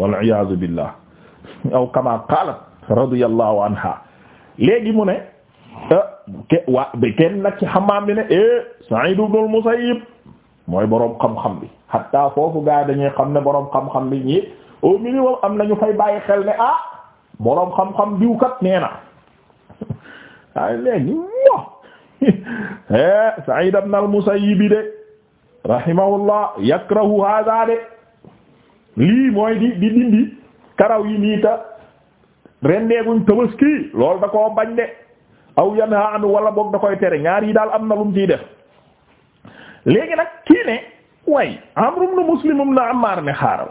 wal iyaazu billah aw kama qalat radiyallahu anha léegi mu ne eh, ke waa kenn nag ci xamaam bi ne e eh, Sa'id ibn al mooy boroom xam-xam bi hatta foofu gaa dañuy xam ne boroom xam-xam bi ñi au minimum am nañu fay bàyyi xel ne ah boroom xam-xam biw kat nee na waaye léegi eh, yakrahu hadha de lii mooy di di dindi karaw yi nii ta rendeeguñ tabaski loolu da koo bañ de aw yanha anu wala boog da koy tere ñaar yi daal am na lum ciy def léegi nag kii ne way amrum nu muslimum na amaar ne xaaral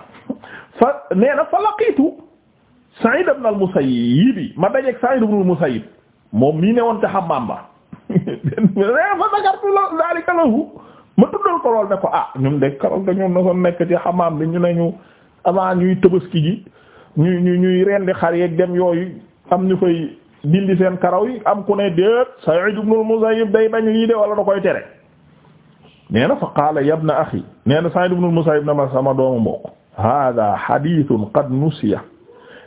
fa nee na fa laqiitu Sa'id ibn al-Musayyib ma dajeeg Sa'id ibn al-Musayyib moom mii ne woon te xammaam ba fa zakartu la zalika lahu ma tuddal ko lool ne ko ah ñun de karal dañu na nekk ci xamaam bi ñu ne ñu avant ñuy tëbaski ji ñuy ñu ñuy rendi xar yeeg dem yooyu am ñu fay dindi seen karaw yi am ku ne déet Sa'id ibn al-Musayyib day bañ lii de wala da koy tere nee na fa qaala ya ibna axi nee na Sa'id ibn na sama doomu mbokk hada hadithun qad nusiya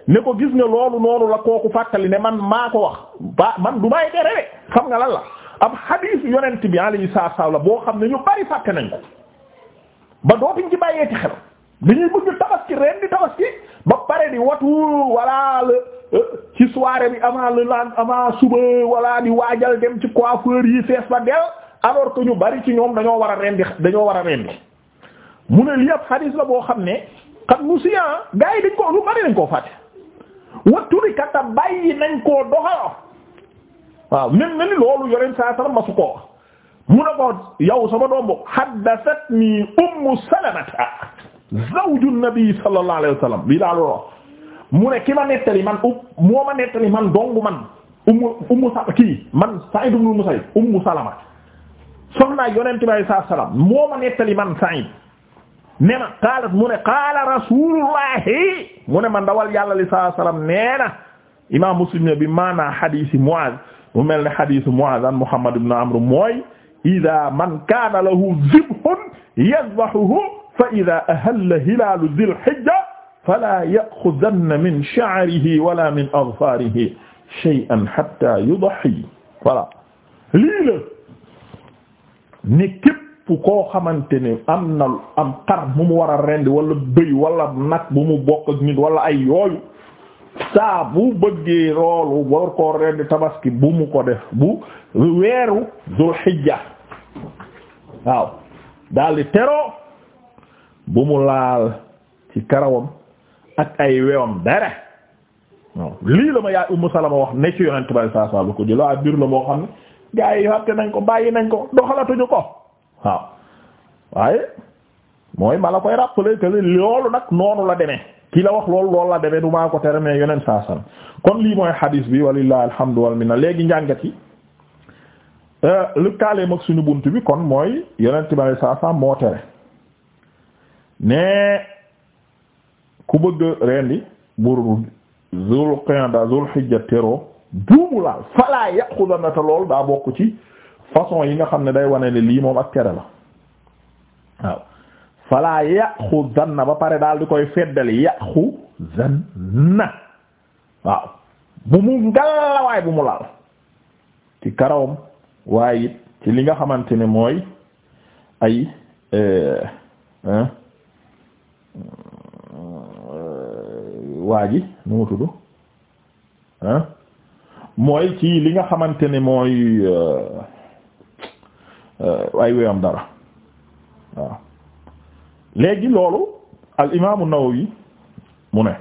ne ko gis nga loolu noonu la kooku fàttali ne man maa ko wax ba man du may tere de xam nga lan la ab hadith yonent bi alayhi salaatu wa la boo xam ne ñu bari fàtte nañ ko ba dootuñ ci bàyyeeti xel dañuy bëgg tabaski ren tabaski ba pare di watu walla la euh, ci bi avant le lendemain avant suba walla di waajal dem ci coiffeur yi fees ba del alors que ñu bari ci ñoom dañoo war a ren dañoo war a ren di mu ab xadiis la boo xam ne xam mu sian ah, gars yi dañ ko lu bari dañ koo fàtte watturikata bàyyi nañ koo doxalo waaw mel na ni loolu yoreen saa sara masu koo mu ne ko yow sama doom bu haddathatni ummu salamata zawju nabi sallallahu alayhi wa sallam lii daal wax mu ne ki ma nettali man um moo ma nettali man dong man ummu ummu sa kii man Sa'id ibn Musayyib ummu Salama soxnaa yonent bi sallallahu alayhi wa sallam moo ma nettali man Sa'id ne ma qaalat mu ne qaala rasulullahi mu ne man dawal yàlla li sallallahu alayhi wa sallam nee na imaam Muslim ne bi maanaa xadiisi Mu'aaz mu mel ne xadiisu Mu'aaz an Muhammad ibn Amr mooy idaa man kaana lahu zibhun yadbahuhu fa ida ahalla hilaalu dil hijja fala yaxudanna min sha'rihi wala min adfaarihi shay'an hatta yudahi voilà lii la ni képp koo xamante ne am na am xar mu mu war a rendi wala bëy wala nag bu mu bokk ak nit wala ay yooyu saa bu bëggee loolu war koo rendi tabaski bu mu ko def bu weeru dul hijja waaw daal di teroo bu mu laal ci karawam ak ay wewam dara waaw lii la ma yaay Ummu Salama wax ne yonent bay saa saa lu ko jëlaa biir la moo xam ne gaa yi fàtte nañ ko bàyyi nañ ko doxalatuñu ko waaw waaye mooy ma la koy rappeler que loolu nag noonu la demee ki la wax loolu loolu la demee du maa ko tere mais yonent saa san kon lii mooy hadis bi walillahi alhamdu wal minna léegi njàngat yi euh, lu kaaleem ak suñu bunt bi kon mooy yonent bay saa saa moo tere ne ku bëgg rendi bur zul qiyada zul hijja tero juumu laal fala yàqudanna te lool daa bokk ci façon yi nga xam ne day wane ne lii moom ak tere la waaw fala yàqudanna ba pare daal di koy feddal yàqudanna waaw bu mu ngalla waaye bu mu laal ci karawam waaye it ci li nga xamante ne mooy ay eh, eh, waa ji nu mu tudd mooy ci li nga xamante ne mooy euh, euh, ay wéyam dara waaw léegi loolu al imaamu Nawawi mu ne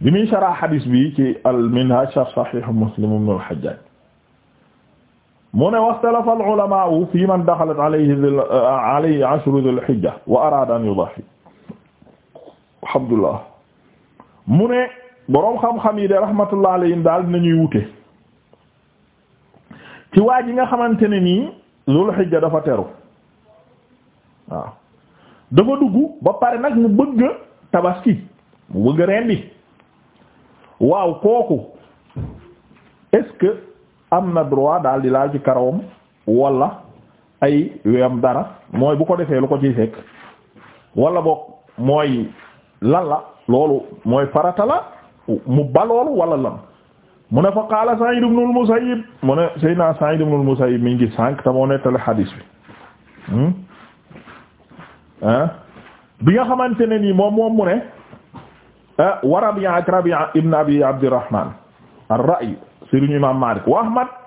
bi muy sharah hadis bi ci al minhaj sharh sahih Muslim ibn al Hajjaj mu ne waxtalafa al ulamaa'u fi man daxalat alayhi alayhi ashru dhul hijja wa araada an yudahhi alhamdulillah mu ne boroom xam-xam yi de rahmatullah alayhim daal dinañuy wute ci waa ji nga xamante ne nii Zul Hijja dafa teru waaw dafa dugg ba pare nag mu bëgg tabaski mu bëgg rendi waaw kooku est am na droit daal di laal ci karawam wala ay weyam dara mooy bu ko defee lu ko ciy fekk wala boog mooy lan la loolu mooy farata la mu ba loolu wala lan mu ne fa qaala Sa'id ibn al-Musayyib mu ne Seydina Sa'id ibn al-Musayyib mi ngi sànq te moo nettali xadiis bi ah bi nga xamante ne nii moom moom mu ne eh, wa Rabi'a ak Rabi'a ibn Abi Abdirrahman ar-Ra'y sëriñu imaam Maalik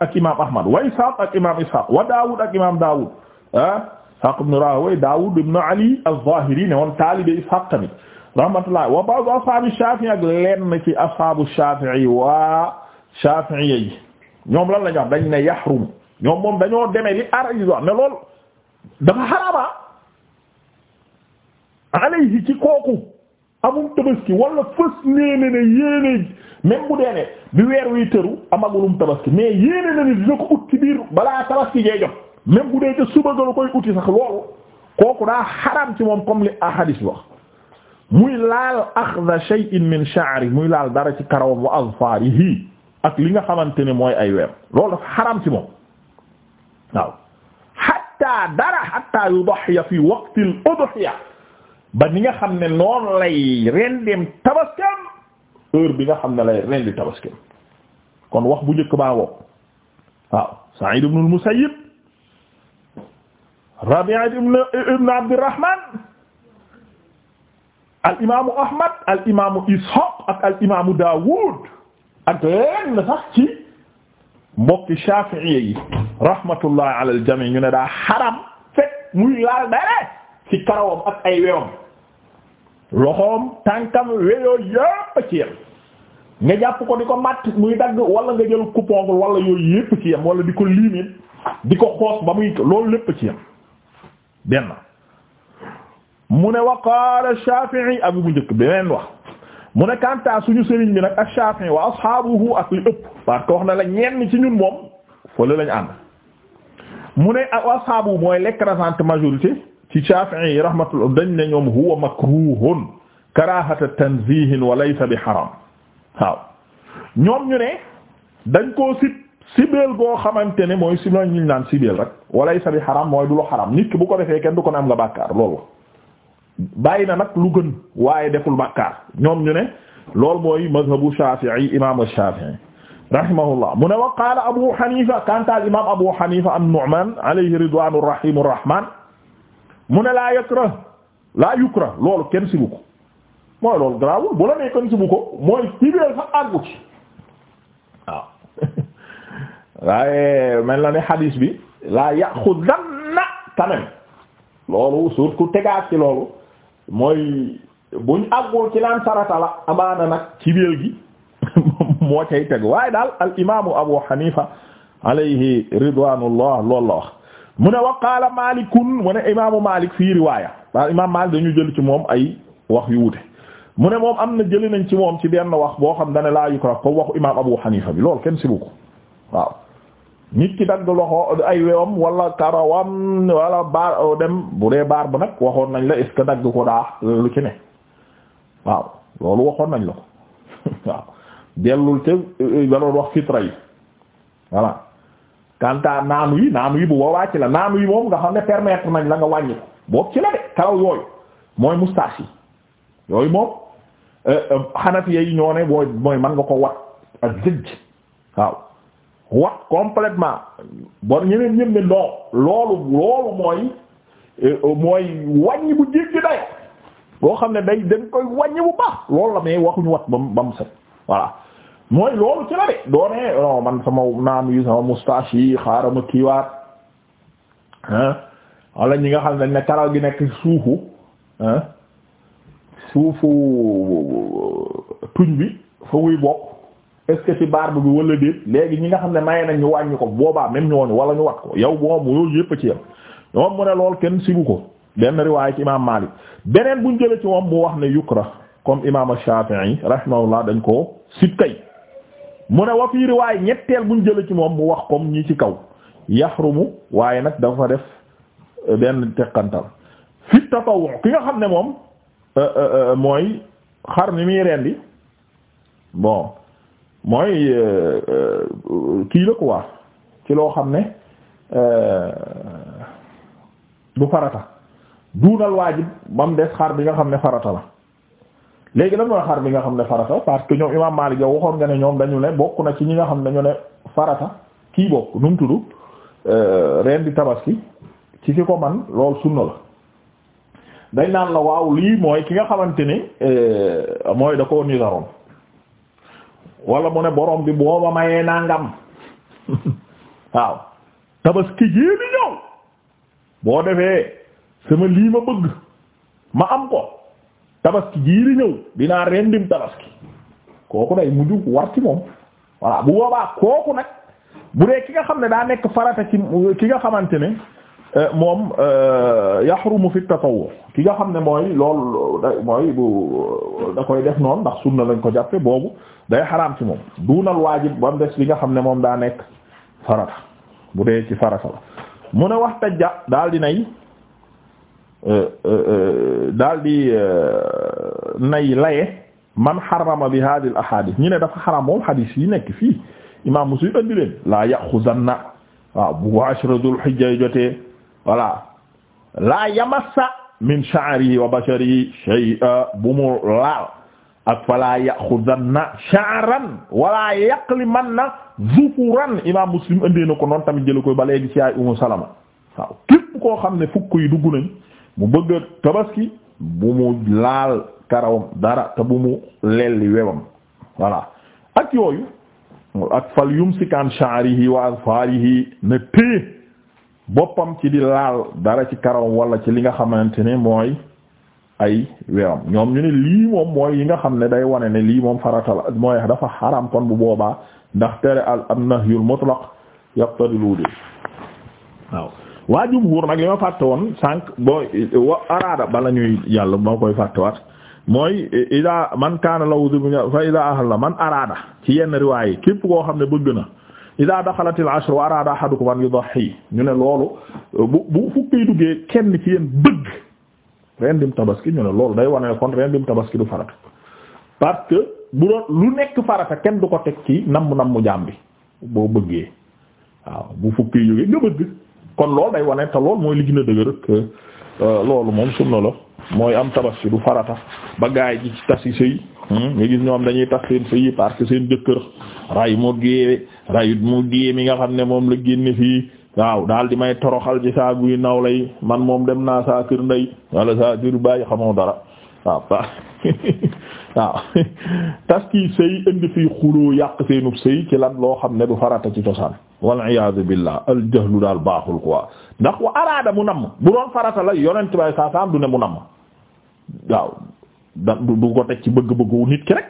ak imaam Ahmad wa Ishaaq ak imaam Ishaaq wa Daawud ak imaam Daawud ah Ishaaq ibn Raahawayh Daawud ibn Ali az-Zaahiri ne woon taalibe Ishaaq tamit rahmatullah wa ba'd ashaabi Shaafi'i ak lenn ci ashaabu Shaafi'i waa Shaafi'i yi ñoom lan la ñu dañ ne yaxrum ñoom moom dañoo demee li aar yi wax ne lool dafa xaraama ah. alayhi ci kooku amul tabaski wala fës nee na ne yéene même bu bi weer wi tëru amagulum tabaski mais yéene na ni dina ko ut ci biir balaa tabaski jee jot même bu dee te suba nga koy uti sax loolu kooku daa xaraam ci moom comme li ahadis wax. muy laal axda shay'in muy laal dara ci karawam wa azfarihi ak li nga xamante ne mooy ay weer loolu xaram ci moom waaw xatta dara xatta yudahiya fi waqtil udhiya ba ni nga xam ne noonu lay rendeem tabaskem heure bi nga xam ne lay rendi tabaskem kon wax bu njëkk baa woow waaw Sa'id al-Musayyib Rabi'a ibn ibn Abdirrahman al imaamu Ahmad al imaamu Ishaq ak al imaamu Daawud ak lenn sax ci mbokki Shafi'i yi rahmatullah ala al jami' ñu ne daa xaram fekk muy laal dara ci karawam ak ay wewam loxoom tànkam weyoo yépp ci yem nga jàpp ko di ko matt muy dagg wala nga jël coupon wala yooyu yépp ci yem wala di ko liimit di ko xoos ba muy loolu lépp ci yem benn. mu ne wa qaala Shaafi'i ak bu njëkk beneen wax mu ne kanta suñu sëriñ bi nag ak Shaafi'i wa ashaabuhu ak li ëpp parce que wax na lañ ñenn ci ñun moom fële lañ ànd mu ne a ak ashaabu mooy l'écrasante majorité ci Shaafi'i yi rahmatul dañ ne ñoom huwa makruhun karaahata tanzihin wa laysa bi haram waaw ñoom ñu ne dañ koo sib sibeel goo xamante ne mooy si ñu naan sibeel rek wa laysa bi haram mooy du lu haram nit ki bu ko defee kenn du ko ne am nga bàkkaar loolu bàyyi na nag lu gën waaye deful bàkkaar ñoom ñu ne loolu mooy mazhabu Shafi'i imaamu Shafi'i rahimahullah mu ne wa qaala Abu Hanifa kantaal imaam Abu Hanifa an-Nu'man alayhi ne laa yakrah laa kenn sibu ko mooy loolu garaawul bu la nee kenn sibu ko mooy tiibeel fa àggu ci waaw waaye mel na ne hadis bi laa ya'khudanna tamam loolu surtout tegaat ci loolu mooy bu àggul ci naan sarata la amaana ci biir gi moo cay teg waaye daal al imaamu Abu Hanifa alayhi ridwanullah loolu la wax mu ne wa qaala Maalikun mu ne imaamu Maalik fii riwaaya waaye imaam Maalik dañu jël ci moom ay wax yu wute mu ne moom am na jëli nañ ci moom ci benn wax boo xam dane laa yukrah ko waxu imaam Abu Hanifa bi loolu kenn sibu ko waaw nit ki dagg loxo ay wewam wala karawam wala baar dem bu dee baar ba nag waxoon nañ la est que dagg ko daa lu ci ne waaw loolu waxoon nañ la ko waaw dellul ca ganoon eh, wax fitra yi voilà kanta naanu yi naanu yi bu boobaa ci la naanu yi moom nga xam ne permettre nañ la nga wàññi ko boobu ci la de karaw yooyu mooy moustache yooyu moom xanafiye eh, eh, yi ñoo ne booy mooy mën nga ko wat ak zëjj waaw wax completement bon ñeneen ñëpp ne non loolu loolu mooy euh, mooy wàññi bu jéggi day boo xam ne day dañ koy wàññi bu baax loolu la mais waxuñu wat bam ba mu set voilà mooy loolu ci la de doonee man sama naanu yi sama moustache yi xaaral ma kiiwaat ah wala ñi nga xam ne ne karaw gi nekk suufu ah suufu euh, tuñ bi fa muy bokk est ce que ci barbe bi wala déet léegi ñi nga xam ne maye nañ ñu wàññi ko boobaa même ñooñu wala ñu wax ko yow moom yooyu yëpp ci yam moom mu ne lool kenn sibu ko benn riwaay ci imam Malik beneen buñ jële ci moom mu wax ne yukra comme a Shafi'i rahimahullah dañ ko sib kay mu ne wa fii riwaay ñetteel buñ jële ci moom mu wax comme ñi ci kaw mu waaye nag dafa def euh, benn teqantal fi tatawu ki nga xam ne moom euh, euh, mooy xar ni muy rendi mooy euh, euh, kii la quoi ci loo xam ne euh, du farata duunal waajib ba mu des xar bi nga xam ne farata la léegi lan mooy xar bi nga xam ne farata parce que ñoom Imaam Maalik yow waxoon nga ne ñoom dañu ne bokk na ci ñi nga xam ne ñu ne farata kii bokk nu mu tudd reen di tabaski ci ki ko man lool sunna la dañ naan la waaw lii mooy ki nga xamante ni mooy da ko nizaroon wala mu ne boroom bi boo ma mayee nangam waaw tabaski jii ñëw boo defee sama lii ma bëgg ma am ko tabaski jii di ñëw dinaa rendim tabaski kooku day mujj war ci moom voilà bu boobaa kooku nag bu dee ki nga xam ne daa nekk farata ci ki nga xamante ne Euh, moom euh, yaxrumu fi tatawwu ki nga xam ne mooy loolu mooy bu euh, da koy def noonu ndax sunna lañ ko jàppe boobu day xaraam ci moom duunal waajib ba mu des nga xam ne moom daa nekk farata bu dee ci farata la mu ne wax tajja daal di nay daal di nay laye man xarama bi hadhihi al ahadith ñi ne dafa xaraam moom hadith yi nekk fii imam Muslim andi leen laa yaxuzanna bu ashra dul hijja jotee voilà laa yamassa min sha'rihi wa basharihi shay'a bu mu laal ak falaa yaxudanna sha'ran wala yaqlimanna zufuran imam muslim indi na ko noonu tamit jëla koy ba léegi ci ay umu salama waaw képp koo xam ne fukk yi dugg nañ mu bëgg a tabaski bu mu laal karawam dara te bu mu lelli webam voilà ak yooyu ak fal yumsikan sha'rihi wa azfarihi na téye boppam ci di laal dara ci karawam wala ci li nga xamante ne mooy ay weram ñoom ñu ne lii moom mooy yi nga xam ne day wane ne lii moom farata la mooy dafa xaram kon bu boobaa ndax tere al am nahyul mutlaq yaqtadi luudi waaw waa jumhur nag li ma fàtte woon sànq boo wa araada bala ñuy yàlla moo koy fàttewaat mooy ida man kaana law fa ida ahal la man araada ci yenn riwaay képp koo xam ne bëgg na ida daxalatil ashr wa arada yu an yudahi ñu ne loolu bu bu fukki duggee kenn ci yéen bëgg rendim tabaski ñu ne loolu day wane kon rendim tabaski du farata parce que bu doon lu nekk farata kenn du ko teg ci namm namm jaam bi boo bëggee waaw bu fukki jógee nga bëgg kon loolu day wane te loolu mooy li gën a euh, loolu moom sunna la mooy am tabaski du farata ba gaay ji ci tasi sëy hmm, nga gis ñoom dañuy tas seen sëy yi parce que seen jëkkër ray rayut mu diyee mi nga xam ne moom la génne fii waaw daal di may toroxal ci saa guy naw lay man moom dem naa saa kër ndey wala saa kër bàyyi xamoo dara waaw waaw tas kii sëy indi fii xuloo yàq seenub sëy ci lan loo xam ne du farata ci cosaan wal iyaadu billah al daal baaxul quoi ndax wa araada mu namm bu doon farata la yonent bay saa saam du ne mu namm waaw da du ko ci bëgg-bëggu nit ki rek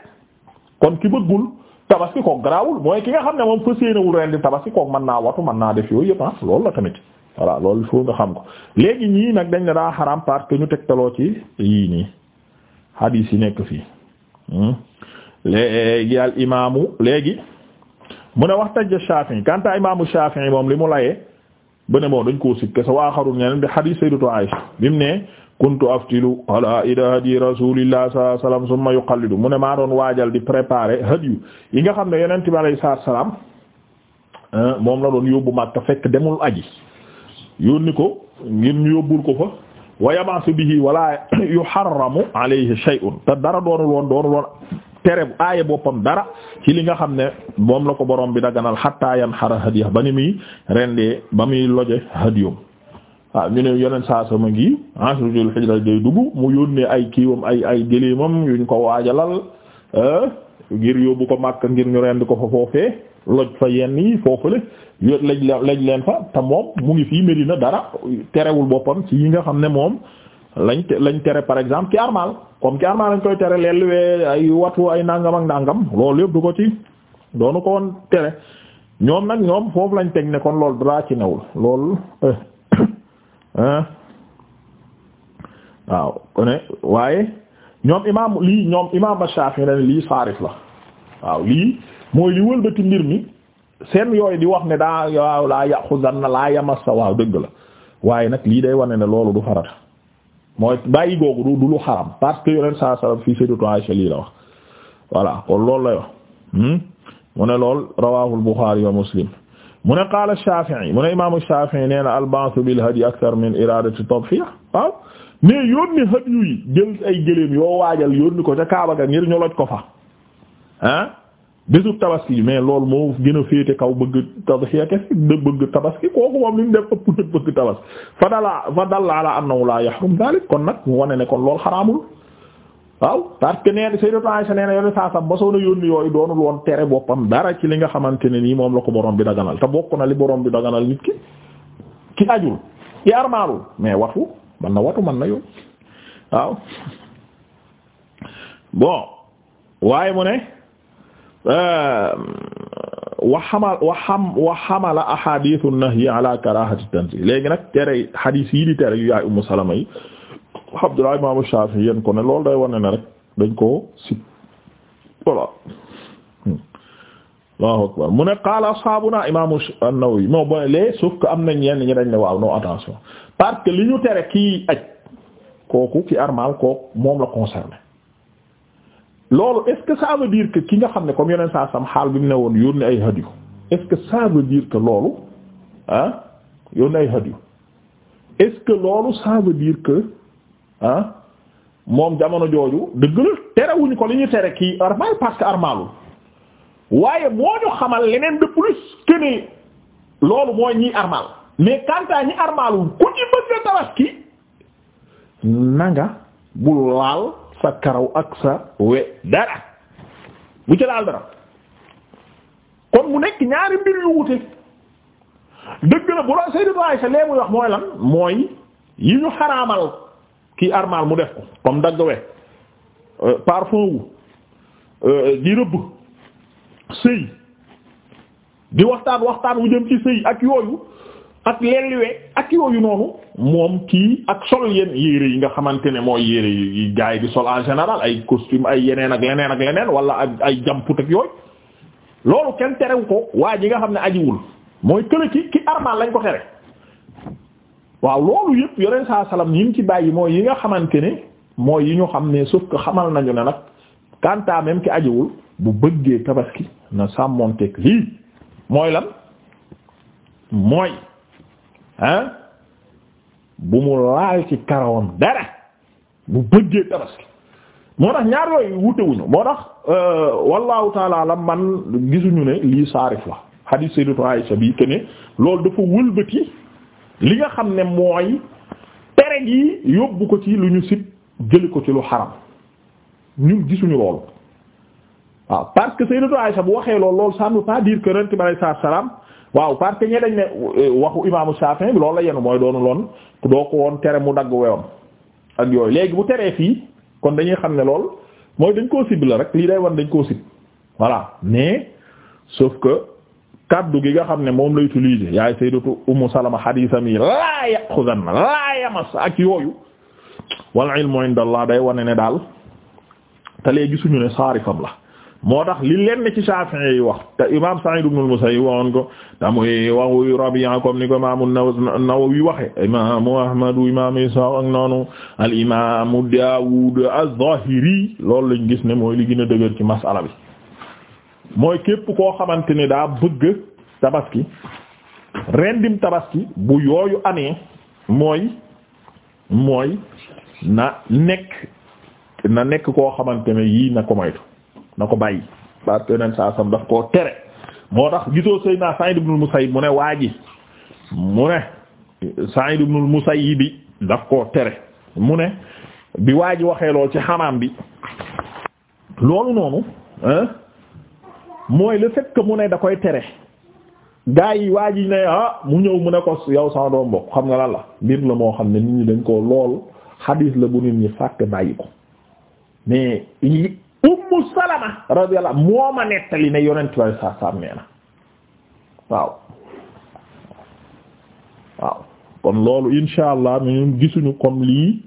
kon ki bëggul tabaski koog garaawul mooy ki nga xam ne moom fas yéenewul ren di tabaski koog mën naa watu mën naa def yooyu yëpp ah loolu la tamit voilà loolu foo nga xam ko léegi ñii nag dañ ne daa xaram parce que ñu tegtaloo ci yii nii hadis yi nekk fii hmm? léegi al imaamu léegi mu ne wax taj Shafi'i kanta imaamu Shafi'i moom li mu layee ba ne bon dañ koo sikke sa waaxarul ñeneen bi hadis Sayyidatu Aisha bi mu ne kuntu aftilu ala ida hadi rasulillah sallallahu alayhi yuqallidu mu ne maa doon waajal di préparer hadiyu yi nga xam ne yonent bi alayhi salaam ah, moom la doon yóbbu Makka fekk demul aji yónni ko ngir ñu yóbbul ko fa wa yab'athu bihi wala yuharramu alayhi shay'un te dara doonul woon doonul woon tere aaye boppam dara ci li nga xam ne moom la ko borom bi daganal hatta yanhara hadiya ba ni muy rendee ba muy loje hadiyum waaw ñu ne yeneen saa sama ngi ashru ah dul hijra day dugg mu yónnee ay kiiwam ay ay yu ñu ko waajalal eh, ngir yóbbu ko Makka ngir ñu rend ko fa foofee loj fa yenn yi foofule lañ laj leen fa te moom mu ngi fii Medina dara terewul boppam ci yi nga xam ne moom lañ lañ tere par exemple ki armal comme ki armal lañ koy tere leelluwee ay watu ay nangam ak nangam loolu yëpp du ko ci doonu ko woon tere ñoom nag ñoom foofu lañ teg ne kon loolu dara ci newul lool eh. waaw kone waaye ñoom imaam lii ñoom imaam Shafi'i ne lii saarif la waaw lii mooy li wëlbati mbir mi seen yooyu di wax ne daa waaw laa yaxuzanna laa yamassa waaw dëgg la waaye nag lii day wane ne loolu du farata mooy bàyyi googu du du lu xaram parce que yoneen saa salam fii sayyidatu Aisha lii la wax voilà kon loolu lay wax hmm? mu ne lool rawaahul Bukhari wa Muslim mu ne qaala Shafi'i mu ne imaamu Shafi'i nee na al-ba'thu bil hadyi akthar min iradati tadhiya waaw mais yónni hadyu yi jël ay gëléem yoo waajal yónni ko ca Kaaba ga ngir ñoloj ko fa ah bésub tabaski mais loolu moo gën a féete kaw bëgg tadhiya kese bëgg tabaski kooku moom li mu def ëpp na bëgg tabaski fa dalla fa dalla ala annahu la yahrum dhalik kon nag mu wane ne kon loolu xaraamul waaw parce que nee na Sayyidatu Aisha nee na yone saa sam mosoon a yónni yooyu doonul woon tere boppam dara ci li nga xamante ne nii moom la ko borom bi daganal te bokk na li borom bi daganal nit ki ki ajul ki armaalul mais watu man na watu man na yow waaw bon waaye mu ne euh, waxamal waxam waxamala ahadithu nahyi ala karahati tanzih léegi nag tere xadiis yi di tere yu yaay Ummu Salama yi Abdullah imam ko ne loolu day wane na rek dañ koo sib voilà Allahu akbar mu ne qaala ashaabuna imam an-Nawawi moo bon lee sauf que am na yenn ñi dañ ne waaw non attention parce que li ñu tere kii aj kooku ki armal kooku moom la concerné loolu est-ce que ça veut ki nga xam ne comme yeneen saa sam xaal bi mu ne woon yónni ay hadiyu est-ce que ça veut dire que loolu ah yónni ay hadiyu est-ce que loolu ça veut que ah moom jamono jooju dëgg la terewuñu ko li ñu tere kii armal parce que armalul waaye moo ñu xamal leneen de plus que ni loolu mooy ñiy armal mais quant ñi armalul ku ci bëgg tabaski nanga bu laal sa karaw ak sa we dara bu ci laal dara kon mu nekk ñaari mbir yu wute dëgg la bu la Sayyidatu Aisha lee muy wax mooy lan mooy yi ñu xaraamal kii armal mu def ko comme daggwe euh, parfum wu euh, di rëbb sëy di waxtaan waxtaan wu jëm ci sëy ak yooyu ak lelliwe ak yooyu noonu moom kii ak sol yenn yére yi nga xamante ne mooy yére yi gaay bi sol en général ay costume ay yeneen ak leneen ak leneen wala ak ay jamput ak yooyu loolu kenn terew ko waa ji nga xam ne ajiwul mooy kële ki ki armal lañ ko tere waaw loolu yëpp yoneen saa salaam yi ci bàyyi mooy yi nga xamante ne mooy yi ñu xam ne sauf que xamal nañu ne nag kanta même ki ajiwul bu bëggee tabaski na sàmmonteeg lii mooy lan mooy ah bu mu laal ci karawam dara bu bëggee tabaski moo tax ñaar yooyu wutewuñu moo tax euh, wallahu taala man gisuñu ne lii saarif la hadith sayyidatu Aisha bi ke ne loolu dafa wëlbati li nga xam ne mooy tere gi yóbbu ko ci lu ñu sib jëli ko ci lu xaram ñun gisuñu loolu waaw parce que Sayyidatu Aïcha bu waxee loolu loolu ça ne veut pas dire que Yonent bi alayhi salaatu salaam waaw parce que ñe dañ ne euh, waxu imaamu Shafi'i loolu la yenu mooy doonu loon doo ko woon tere mu dagg wewoon ak yooyu léegi bu teree fii kon dañuy xam ne lool mooy dañ koo sib la rek lii day wan dañ koo sib voilà mais sauf que kaddu gi nga xam ne moom la utiliser yaay sayyidatu ummu salama xadiisam yi laa yaxudanna laa yamas ak yooyu wal ilmu indallah day wane ne daal te léegi suñu ne saarifam la moo tax li lenn ci Shafi'i yi wax te imam Sa'id ibn al-Musayyib waxoon ko ta muy waxu Rabi'a comme ni ko imam an-Nawawi waxe imam Ishaq ak noonu al imamu Dawud az-Zahiri lañ gis ne mooy li gën a dëgër ci masala bi mooy képp koo xamante ni daa bëgg tabaski rendim tabaski bu yooyu amee mooy mooy na nekk na nekk koo xamante ne yii na ko moytu na ko bàyyi parce que saa sam daf koo tere moo tax gisoo Seydina Sa'id ibn al-Musayyib mu ne waa ji mu ne Sa'id ibn al-Musayyib bi daf koo tere mu ne bi waa ji waxee lool ci xamaam bi loolu noonu hein mooy la fait mu ne da koy tere gaa yi waa ji ne ah mu ñëw mu ne ko yow sama doom mbokk xam nga lan la mbir la moo xam ne nit ñi dañ koo lool xadiis la bu nit ñi fàtte bàyyi ko mais ummu salama radiyallahu moo ma nettali ne yonent way saa saam na waaw waaw kon loolu insha allah ñun gisuñu comme lii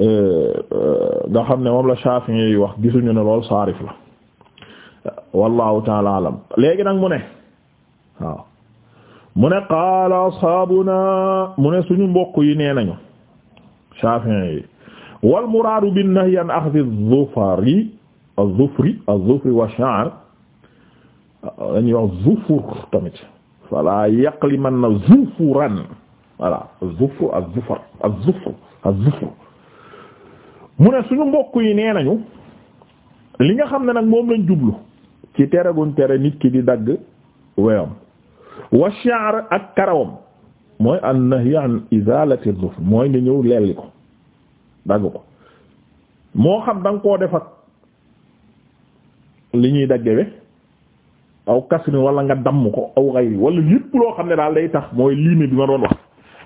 euh, euh, nga xam ne moom la Shafi'i yi wax gisuñu ne loolu saarif la wallahu taala alam léegi nag mu ne waaw ne qaala ashaabuna mu ne suñu mbokk yi nee nañu Shafi'i yi wal muraadu bin nahyi an axdi zufari az-zufri az-zufri wa sha'r dañuy yi zufur tamit fala yaqlimanna zufuran voilà az-zufru az-zufar az-zufru az mu ne suñu mbokk yi nee nañu li nga xam ne nag moom lañ jublu ci tere guñ tere nit ki di dagg weyam wa ak karawam mooy an nahy an izalati dhufr mooy nga ñëw lelli ko dagg ko moo xam da ko koo def ak li ñuy daggewe aw kasri wala nga damm ko aw xayri wala lépp loo xam ne daal day tax mooy liime bi ma doon wax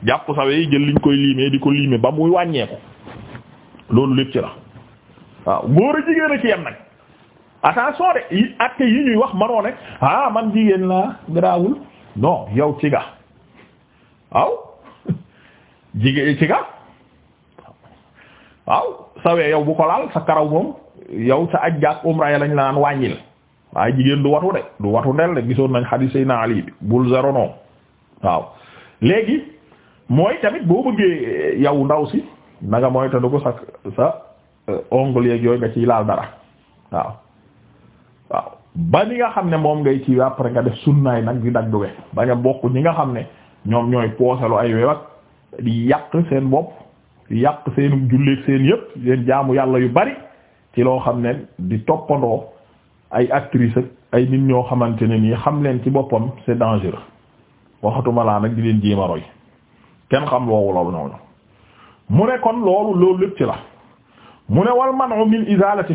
jàpp sawe yi jël liñ koy liimee di ko liime ba muy wàññeeku loolu lépp ci la waaw góor a jigéen a ci yem nag attention de yi acte yi ñuy wax manoo ne ah man jigéen laa garaawul non yow ci ga waaw jigéen ci waaw sawee yow bu ko laal sa karaw moom yow sa ajja ak umra ya lañ la naan wàññil waaye jigéen du watu de du watu ndel de gisoon nañ xadiis naa Ali bi bul zero non waaw léegi mooy tamit boo bëggee eh, yow ndaw si nanga mooy te du sa sa eh, ongle yeeg yooyu nga ciy laal dara waaw ba ni nga xam ne moom ngay ci après nga def sunnaay nag di dagg we ba nga bokk ñi nga xam ne ñoom ñooy pooselu ay we yàq seen bopp di yàq seen julleek seen yëpp seen jaamu yàlla yu bari ci loo xam ne di toppandoo ay actrice ay nit ñoo xamante ne nii xam leen ci boppam c'est dangereux waxatuma laa nag di leen jéem roy kenn xam loowu la ñooñu mu ne loolu loolu lépp la mu ne wal man'u min izalati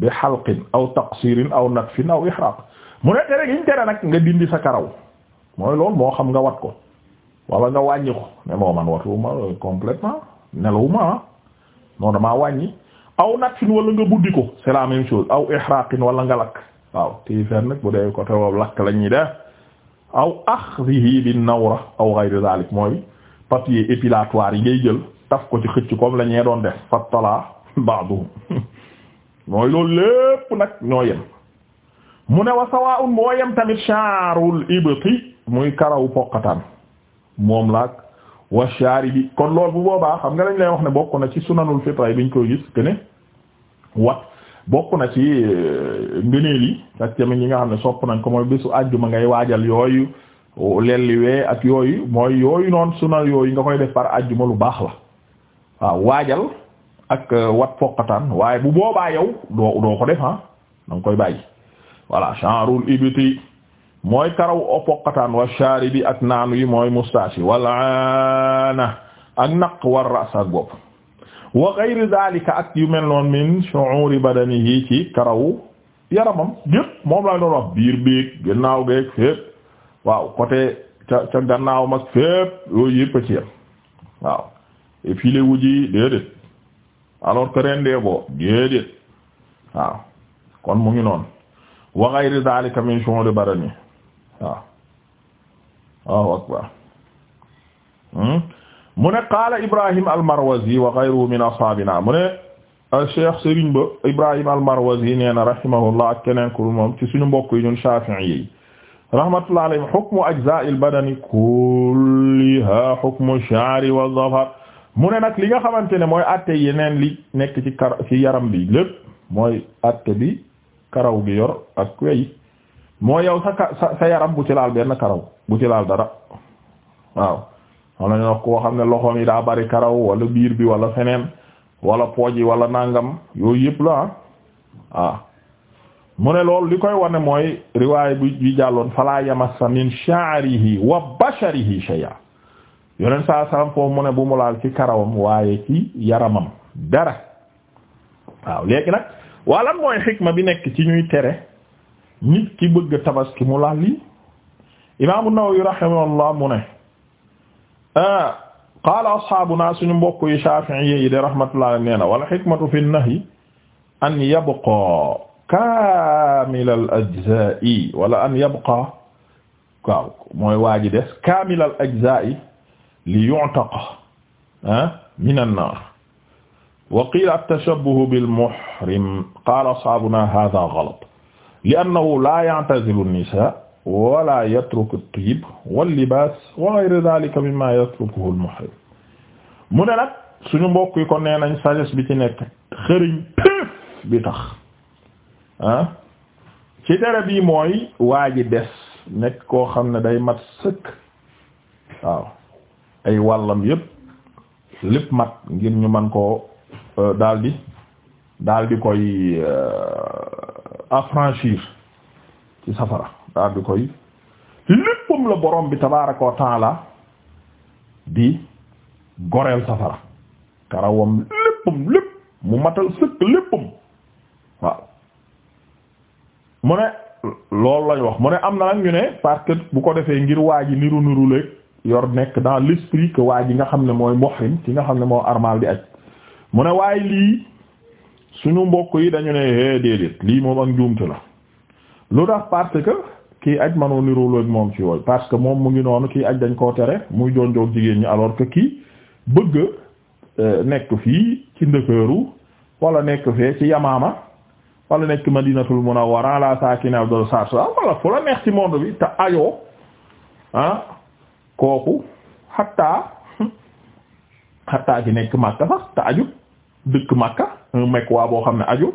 bi xalqin aw taqsirin aw natfin aw ihraq mu ne nga dindi sa karaw mooy loolu moo xam nga wat ko wala nga wàññi ko ne moo man watuwuma complètement nelawuma ah. non damaa wàññi aw natfin wala nga buddi ko c'est la même aw ihraqin wala nga lakk waaw tii fer nag bu dee côté woowu lakk la ñuy def aw axdihi bin nawra aw ghayr zalik mooy papier épilatoire yi ngay jël taf ko ci xëcc comme la ñee doon def fattala ba'du mooy loolu lépp nag ñoo yem mu ne wa sawaa'un moo yem tamit shaarul ibti muy karawu poqataan moom laag wa shaari bi kon loolu bu boobaa xam nga dañ lay wax ne bokk na ci sunanul fitra biñ koy gis que ne wat bokk na ci euh, ngëneel yi ak tamit ñi nga xam ne sopp nañ ko mooy bésu àjjuma ngay waajal yooyu lelli ak yooyu mooy yooyu noonu sunal yooyu nga koy def par àjjuma lu baax la waaw waajal ak euh, wat foqataan waaye bu boobaa yow doo ko def ah koy bàyyi voilà sharul ibiti mooy karaw o foqataan wa sharibi ak naanu yi mooy moustache walaa walaana ak naq war ras ak bopp wa ghayr zalika ak yu mel noon min shu'uri badanihi ci karaw yaramam gépp moom laa doon wax biir biig gannaaw geeg fépp waaw côté ca gannaaw mag fépp yooyu yëpp waaw et puis wuji déedéet alors que ren dee boo déedéet waaw kon mu ngi noonu wa ghayri dhalika min shu'ur badani waaw waaw akbar hmm? mu ne qaala Ibrahim al-Marwazi wa ghayruhu min ashaabina mu ne ah, Cheikh Serigne Ba Ibrahim al-Marwazi nee na rahimahullah ak keneen ku moom ci suñu mbokk yi ñun Shafi'i yi rahmatullah alayhim hukmu ajza'il badani kulliha hukmu ash-sha'ri wa dhafar mu ne nag li nga xamante ne mooy atte yeneen li nekk ci kar ci yaram bi lépp mooy atte bi karaw gi yor ak wey moo yow sa sa sa yaram bu ci laal benn karaw bu ci laal dara waaw wala ñu wax koo xam ne loxoom yi daa bari karaw wala biir bi wala feneen wala pooj yi wala nangam yooyu yëpp la ah. waaw mu ne loolu li koy wane mooy riwaay bi bi jàlloon fala yamassa min sha'rihi wa basharihi shay'a yoneen saa salaam foofu mu ne bu mu laal ci karawam waaye ci yaramam dara waaw léegi nag waa lan mooy xikma bi nekk ci ñuy tere nit ki bëgg tabaski mu laal lii imaamu Nawawi rahimahullah mu ne ah, qaala ashaabuna suñu mbokk yi Shaafi'i yi de rahmatullah nee na wal xikmatu fi nahyi an yabqa kaamil al ajzaa'i wala an yabqa waaw mooy waa des kaamil al ajzaa'i li yu'taqa ah, min an-naar wa qiila at-tashabbuh bil-muhrim qaala ashaabunaa haadhaa ghalat li'annahu laa ya'tazilu an-nisaa' wa laa yatruku at-tiib wal-libaas wa ghayra dhaalika mimmaa yatrukuhu al-muhrim mu ne nag suñu mbokk yi kon nee nañ sagesse bi ci nekk xëriñ péef bi tax ah ci dara bi mooy waa ji des nekk koo xam ne day mat sëkk waaw ay wàllam yépp lépp mat ngir ñu man koo euh, daldi daldi koy euh, affranchir ci safara daldi koy léppam la borom bi tabaaraka wa taala di goreel safara karawam léppam lépp mu matal sëkk léppam waaw mu ne loolu lañ wax mu ne am na nag ne parce bu ko defee ngir waa ji niru niru léeg yor nekk dans l'esprit que waa ji nga xam ne mooy muhrim ki nga xam ne moo armal di aj mu ne waaye lii suñu mbokk yi dañu ne hee eh, déedéet lii moom ak njuumte la lu tax parce que kii aj manoo niroolu ak moom ci yooyu parce que moom mu ngi noonu kii aj dañ koo tere muy jonjoog jigéen ñi alors que kii bëgg euh, nekk fii ci ndëkkëru wala nekk fee ci yamaama walla nekk madinatul munawwara la saakine abdol sar wala fu la neex ci monde bi te ayoo ah, kooku xatta xatta ci nekk Makka sax te aju dëkk Makka un mekk waa boo xam ne aju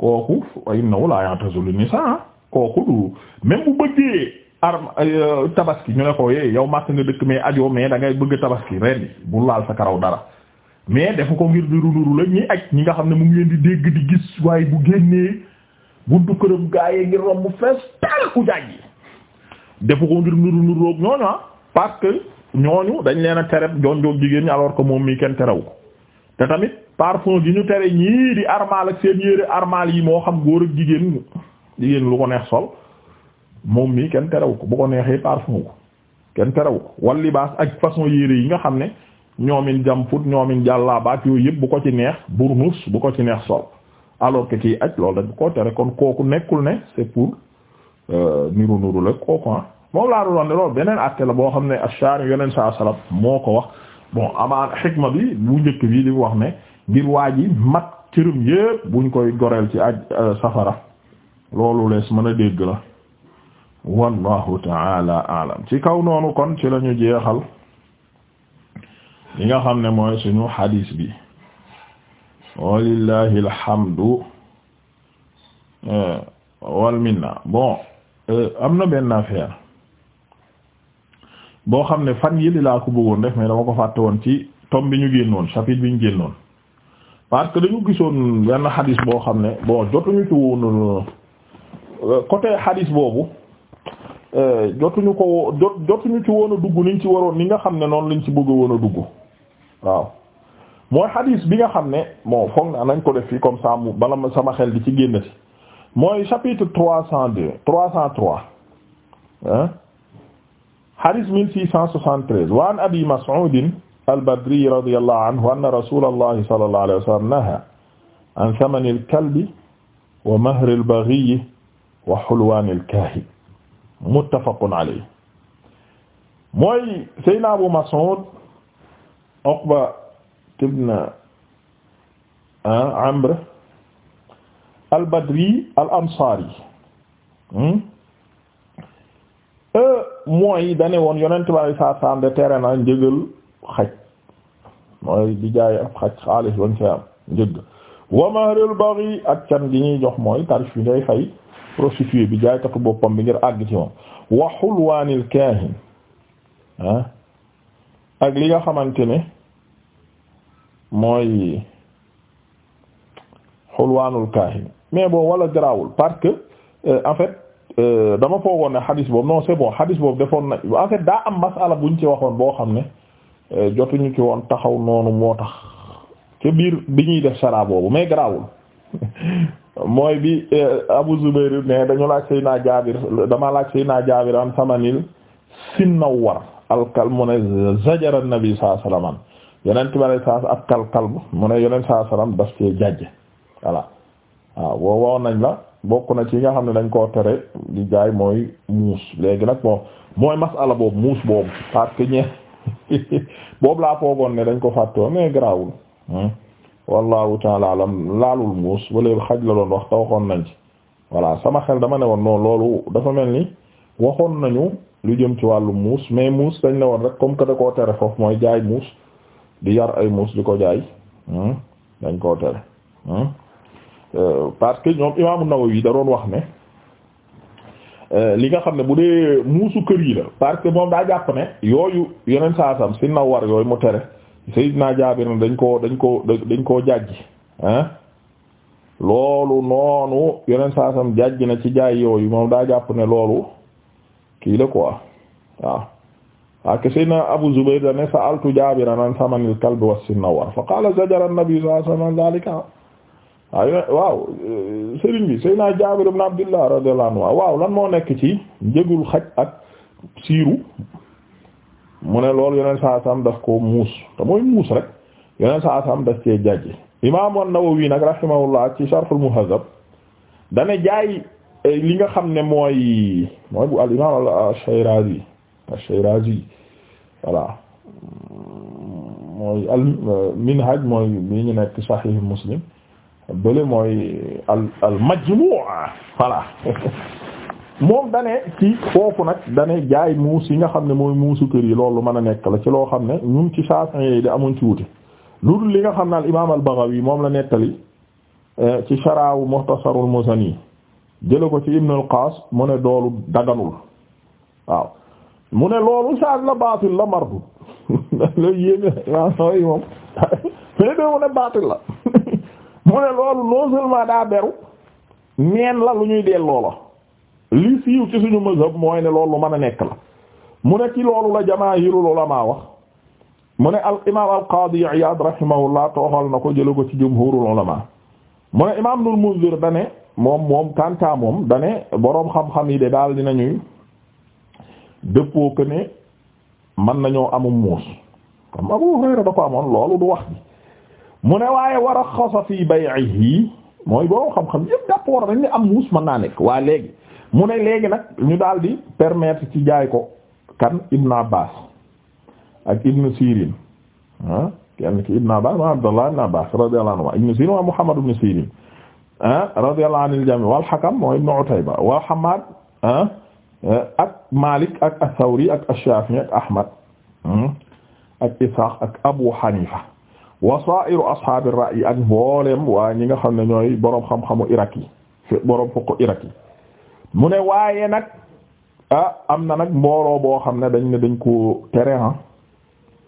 kooku ay naw laa ya'tazulu nisaa kooku du même bu bëggee arm euh, tabaski ñu ne ko yee eh, yow Makka nga dëkk mais ajoo mais da ngay bëgg tabaski ren bu laal sa karaw dara mais defu ko ngir di rururu la ñi aj ñi nga xam ne mu ngi leen di dégg di gis waaye bu génnee buntu këram gaayee ngir romb fees tal ku defu ko ngir nuru nuroog ñooñu ah. parce que ñooñu dañ leen a tere jonjoog jigéen ñi alors ko moom mii kenn terewu ko te tamit parfum gi ñu tere ñii di armal ak seen yére armaal yi moo xam góor ak jigéen jigéen lu ko neex sol moom mii kenn terewu ko bu ko neexee parfum ko kenn terewu ko wal ak façon yére yi nga xam ne ñoomin jamfut ñoomin jàllaabaat yooyu yëpp bu ko ci neex burnus bu ko ci neex sol alors que kii aj loolu dañ ko tere kon kooku nekkul ne c'est pour niru euh, niru la kooku ah. moom laa doon wax ne loolu beneen atte la boo xam ne ashari yoneen saa sallam moo ko wax bon amaan xikma bi bu njëkk bi li wax ne ngir waa ji mat cërum yépp buñ koy goreel ci ak euh, safara loolu lees mën a dégg la wallahu taala alam ci kaw noonu kon ci lañu jeexal li nga xam ne mooy suñu xadiis bi walillahi alhamdu euh, wal minna bon euh, am na benn affaire boo xam ne fan yëli laa ko bëggoon def mais dama ko fàtte woon ci tome bi ñu génnoon chapitre bi ñu génnoon parce que dañu gisoon benn xadis boo xam ne bon jotuñu ci woon euh, côté xadis boobu euh, jotuñu ko jot jotuñu ci woon a dugg niñ ci waroon ni nga xam ne noonu lañ ci bëgg woon a dugg waaw mooy xadis bi nga xam ne bon foog naa nañ ko def fii comme ça bala ma sama xel di ci génn si mooy chapitre trois cent deux trois cent trois hein hadis 1673 wa an abi mas'ud al-badri radiyallahu anhu anna rasulallahi sallallahu alayhi wa sallam naha an thamani al-kalbi wa mahri al-baghi wa hulwani al-kahin muttafaqun alayhi mooy Seydina Abu Mas'ud Uqba ibn ah, Amr al-Badri al-Ansari hmm? Euh, mooy dane woon yonent bari saa saam de tere na njëgal xaj mooy di jaay ab xaj xaalis bañ see am njëg wa mahrul ak can gi ñuy jox mooy tarif bi ngay fay prostituée bi jaaykatu boppam bi ngir àgg ci moom wa hulwaanil kaahin ah? ak li nga xamante ne mooy hulwaanul kaahin mais bon wala garaawul parce que euh, en fait Euh, dama foogoon ne xadis boobu non c'est bon xadis boobu defoon na en am daa ala bu buñ ci waxoon boo xam ne euh, jotuñu ci woon taxaw noonu moo tax ca biir bi ñuy def sara boobu mais garaawul mooy bi euh, Abu Zubayr ne dañu laaj Seydina Jaabir dama laaj Seydina Jaabir an samanil sinnawar alkal mu ne zajara nabi sallallahu alayhi wasallam yonent bi alayhi salaam ak kalb mu ne yonent sallallahu alayhi wasallam daf ci jàjje voilà waaw boo woon nañ la bokk na ci nga xam ne dañ koo tere di jaay mooy muus léegi nag moom mooy masala boobu muus boobu parce que ñe boobu laa foogoon ne dañ koo fàttoo mais garaawul hmm? wallahu taala alam laalul muus wala xaj la doon wax te waxoon nañ ci voilà sama xel dama ne woon noonu loolu dafa mel ni waxoon nañu lu jëm ci wàllu muus mais muus dañ la woon rek comme que da koo tere foofu mooy jaay muus di yar ay muus di ko jaay hmm? dañ koo tere hmm? Euh, parce que ñoom imaamu Nawawi da doon wax ne euh, li nga xam ne bu dee muusu kër yi la parce que moom daa jàpp ne yooyu yeneen saasam si na yooyu mu tere Seydina Jaabir na dañ koo dañ koo dañ koo jàjji ah loolu noonu yeneen saasam jàjji na ci jaay yooyu moom daa jàpp ne loolu kii la quoi waaw waaw ke Seydina Abu Zubayr dane sa'altu Jaabiran an samanil kalbi was sinawwar fa qala zajara an-nabi sallallahu alayhi wa sallam dhalika waaw euh, sëriñ bi Seydina Jaabir ibn Abdullah waaw lan moo nekk ci njëgul xaj ak siiru mu ne loolu yeneen saa ko muus te mooy muus rek yeneen saa saam daf cee jàjj imaam nag rahimahullah ci Sharh al-Muhazzab dane jaay eh, li nga xam ne mooy mooy bu al mooy minhaj mooy bi ñu nekk Sahih Muslim bële mooy al al majmu'a voilà moom dane ci foofu nag dane jaay muus yi nga xam ne mooy muusu kër yi loolu mën a nekk la ci loo xam ne ñun ci Shafi'i yi da amuñ ci wuti lu dul li nga xam ne al imaam al Baghawi moom la nettali eh, ci sharaawu Mukhtasarul Muzani jële ko ci Ibn al mu ne doolu daganul waaw mu ne loolu shaaz la baatil la mardu loolu yéeme waaw mooy moom mais doo mu baatil la mu ne loolu non seulement daa beru neen la lu ñuy delloo la li siiw ci suñu mazhab mooy ne loolu mën a nekk la mu ne ci loolu la jamaahirul ulama wax mu ne al imaam al qaadi Iyaad rahimahullah tooxal na ko jële ko ci jumhurul ulama mu ne imaam Ibnul Munzir dane moom moom kanta moom dane boroom xam-xam yi de daal dinañuy dëppoo que ne mën nañoo amum muus comme Abu Hurayra da ko amoon loolu du wax bi mu ne waaye war a xasa fii bay'ihi mooy boo xam-xam yëpp d'accord dañ ne am muus mën naa nekk waa léegi mu ne léegi nag ñu daal di permettre ci jaay ko kan Ibn Abbas ak Ibn Sirin ah kenn ki Ibn Abbas ma Abdallah Ibn Abbas radiyallahu anhu Ibn Sirin wa Muhammad Ibn Sirin ah radiyallahu anil jami' wal Hakam mooy Ibn Utayba wa Hammad ah eh, ak Malik ak Ath-Thawri ak Ash-Shafi'i ak Ahmad hmm, ak Ishaq ak Abu Hanifa wasairu ashaabi ra'yi ak mbooleem waa ñi nga xam ne ñooy boroom xam-xamu Irak yi fokk Irak mu ne waaye nag a am na nag mbooloo boo xam ne dañ ne dañ ko tere ah.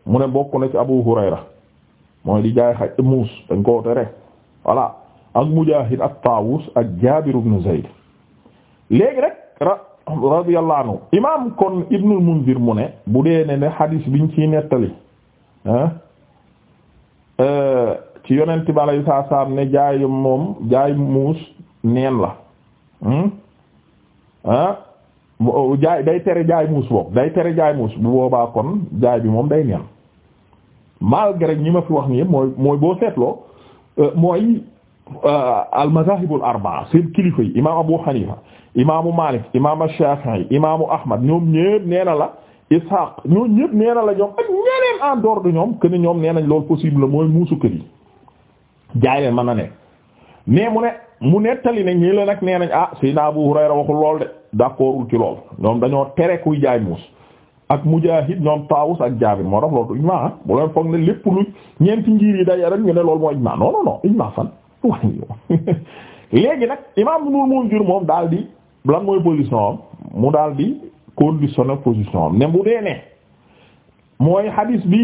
mu ne bokk na ci Abu Hurayra mooy di jaay xaj muus dañ koo tere voilà ak Mujaahid ak Taawus ak Jaabir ibn Zayd léegi rek radiyallahu anhu imaam kon Ibnul Munzir mu ne bu dee ne ne xadiis biñ ciy nettali ah Euh, ci yonent bi alayhi salaam ne jaay moom jaay muus neen la hmm? ah jaay day tere jaay muus boobu day tere jaay muus bu boobaa kon jaay bi moom day neen malgré ñi ma fi wax nii mooy mooy boo seetloo euh, mooy euh, al mazahibul arba'a seen kilifa yi imaamu Abu Hanifa imaamu Malik imaamu Shafi'i imaamu Ahmad ñoom ñépp nee la. Ishaq ñoo ñëpp nee na la ñoom ak ñeneen en dehors ñoom que ni ñoom nee nañ loolu possible la mooy muusu kër yi jaay leen na nekk mais mu ne mu nettali ne ñii la nag nee nañ ah Seydina bu Hurayra waxul lool de d'accordul ci lool ñoom dañoo tere kuy jaay muus ak Mujaahid ñoom Taawus ak Jaabir moo tax loolu ijmaa ah bu leen foog ne ñeenti njiir yi daje rek ñu ne loolu moo ijmaa non non non ijmaa fan léegi nag imaam Ibnul Munzir moom daal di lan mooy position am mu daal di. conditionné position am ne bu dee ne mooy hadis bi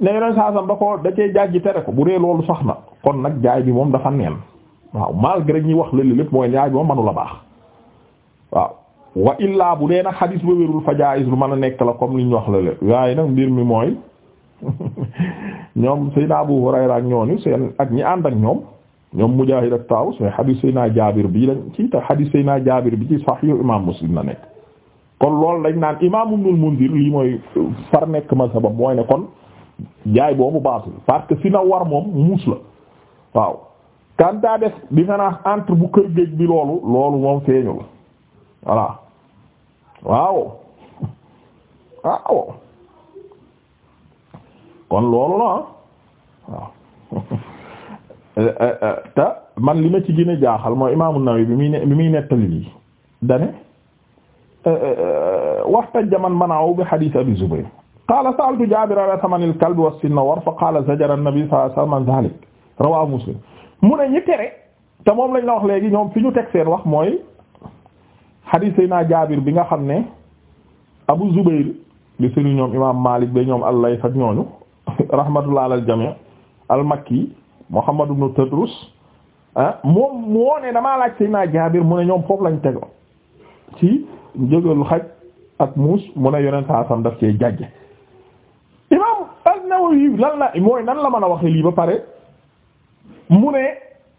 ne yeneen saasam da da cee jaaj ji tere ko bu dee loolu sax na kon nag jaay bi moom dafa neen waaw malgré ñi wax lële lépp mooy jaay bi moom manula baax waaw wa illa bu dee nag hadis ba wérul fa jaayis lu mën a nekk la comme li ñu wax lële waaye nag mbir mi mooy ñoom Seydina Abu Hurayra ak ñooñu seen ak ñi ànd ak ñoom ñoom Mujaahid ak Taawus mais hadis Seydina Jaabir bii lañ ci te bi ci Sahih Imaam Muslim la nekk kon loolu dañ naan imaam Ibnul Munzir lii mooy far nekk masaba mooy ne kon jaay boobu baatul parce que si na war moom muus la waaw kantaa def différence entre bu kër géej bi loolu loolu moom feeñul voilà waaw waaw kon loolu la waaw eh, eh, eh, te man li ma ci gën a jaaxal mooy imaam an bi muy ne bi muy nettali lii dane Euh, euh, euh, waxtaja man manaahu bi hadith abi zubayr qaala sa'altu jaabir ala thamanil kalbi wa sinnawar fa qaala zajara an-nabi sallallahu alayhi wa sallam zalik rawahu muslim mu ne ñi tere te moom lañ la wax léegi ñoom fi ñu teg seen wax mooy hadith sayna jaabir bi nga xam ne abu zubayr li sëriñ ñoom imaam malik ba ñoom al yi ak ñooñu rahmatullah ala al-jami' al-makki muhammad ibn tadrus ah moom moo laaj sayna jaabir mu ne ñoom foofu lañ tego ci njëgalu xaj ak muus mu ne yonent saa sam daf cee jàjj imam an-Nawawi lan la mooy nan la mën a waxe lii ba pare mu ne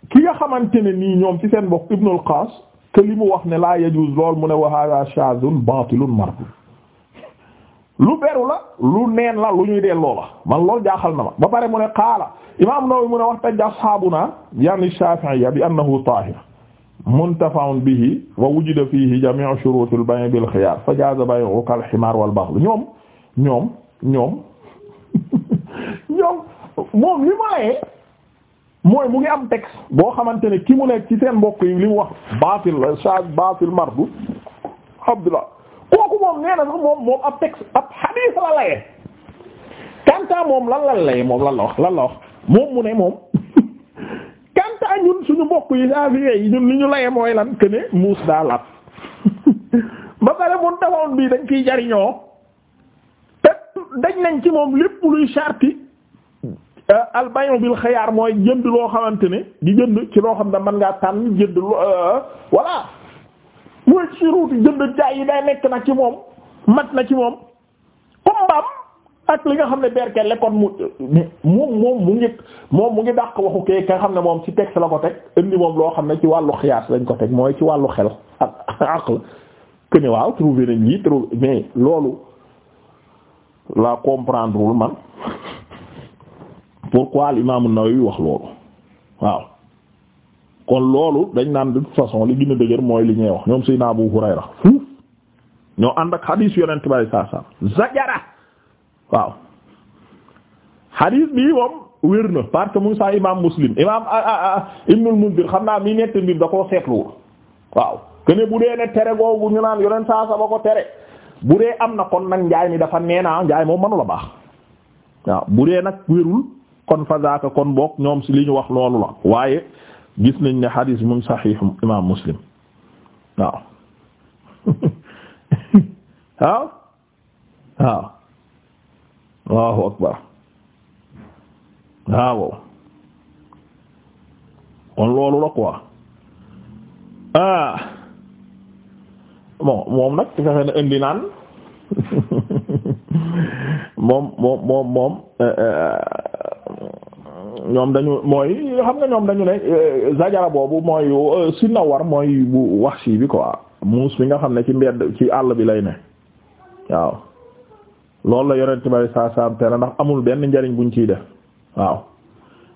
ki nga xamante ne nii ñoom ci seen bokk Ibn al-Qas que li mu wax ne la yajuz lool mu wax wa hadha shazun batilun mardu lu beru la lu neen la lu ñuy delloo la man loolu jaaxal na ma ba pare mu ne qaala imam Nawawi mu ne wax taj ashaabuna yani Shafi'iyya bi na tahir muntafaun bihi wa wujida fihi jami'u shurutil bay' bil khiyar fa jaza bay'u kal himar wal baghl ñoom ñoom ñoom ñoom moom li mooy mu ngi am texte boo xamante ne ki mu nekk ci seen mbokk yi li wax batil shag batil mardu abdullah kooku moom nee na la moom moom ab texte ab hadith la layee kanta moom lan lan laye moom lan la wax lan la wax moom mu ne taa ah, ñun suñu mbokk yi saafiyee yi ñun li ñu laye mooy lan que ne muus daa laab ba pare mun tawoon bii dañ ciy jariñoo te dañ nañ ci moom lépp luy charti euh, albayon bil xayaar mooy jënd loo xamante ne di jënd ci loo xam ne mën ngaa tànn jënd loo euh, voilà mooy ci ruuti jënd jaay yi day nekk na ci moom mat na ci moom comme mbaam ak li nga xam ne berkelle kon mu moom mu moom mu ngi dàq waxu kee ka xam ne moom ci texte la ko teg indi moom loo xam ne ci wàllu xiyaas lañ ko teg mooy ci wàllu xel ak waaw trouvé nañ lii loolu la comprendre wul man pourquoi al imam an-Nawawi wax loolu waaw kon loolu dañ naan de toute façon li gën dëgër mooy li ñuy wax ñoom Seydina Abu Hurayra fuuf ñoo ànd ak hadis yonent bi sallallahu alayhi wasallam zajara waaw hadith bi moom wér na parce saa imaam muslim imaam ah, ah, ah, ibnul mundir xam naa mi nett mbir da koo seetluwul waaw kene bu dee ne tere googu ñu naan yoneen saa saba ko tere bu dee am na kon nag njaay mi dafa neena njaay moom manula baax waaw bu dee nag wérul kon fa zaaka kon boog ñoom si li ñu wax loolu la waaye gis nañ ne hadith mu sahih imaam muslim waaw waaw Allahu akbar ah, waaw kon loolu la quoi ah bon moom nag fexe na indi naan moom moom moom eh, eh, ñoom dañu mooy xam nga ñoom dañu ne eh, zajara boobu mooy sinna war mooy bu wax sii bi quoi muus bi nga xam ne ci mbedd ci àll bi lay ne waaw loolu la yonent bi saa saam tere ndax amul benn njariñ buñ ciy def waaw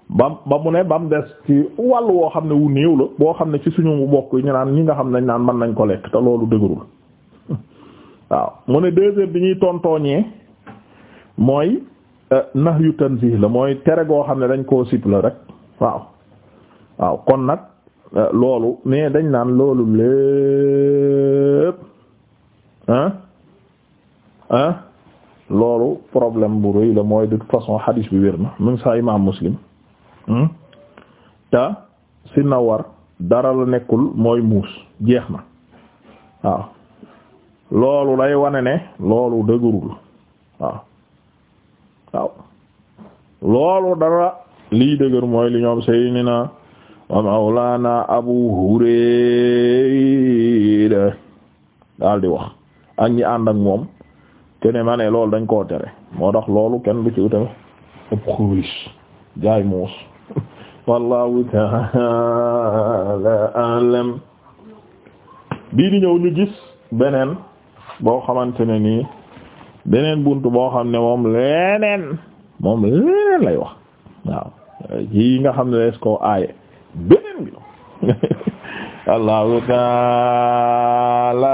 ba ba mu ne ba mu des ci wàll woo xam ne wu néew la boo xam ne ci suñu mbokk yi ñu naan ñi nga xam ne dañ naan man nañ ko lekk te loolu dëgërul waaw mu ne deux bi ñuy tontooñee mooy euh, nax yu tanzih la mooy tere goo xam ne dañ koo sip la rek waaw waaw kon nag euh, loolu mais dañ naan loolu lépp ah ah loolu problème bu rëy la mooy de toute façon hadis bi wér na même sa imam muslim hmm? te si na war dara la nekkul mooy muus jeex na waaw loolu lay wane ne loolu dëgërul waaw loolu dara lii dëgër mooy li ñoom Seydina wa Mawlana Abu Hurayra daal wax ak ñi ànd ak moom kene ma ne loolu dañ koo tere moo tax loolu kenn bu ci utam ëpp xulis jaay muus wallahu ta'ala bii di ñëw ñu gis beneen boo xamante ne nii beneen bunt boo xam ne moom leneen moom leneen lay wax waaw yi nga xam ne lees koo aaye beneen bi wallahu ta'ala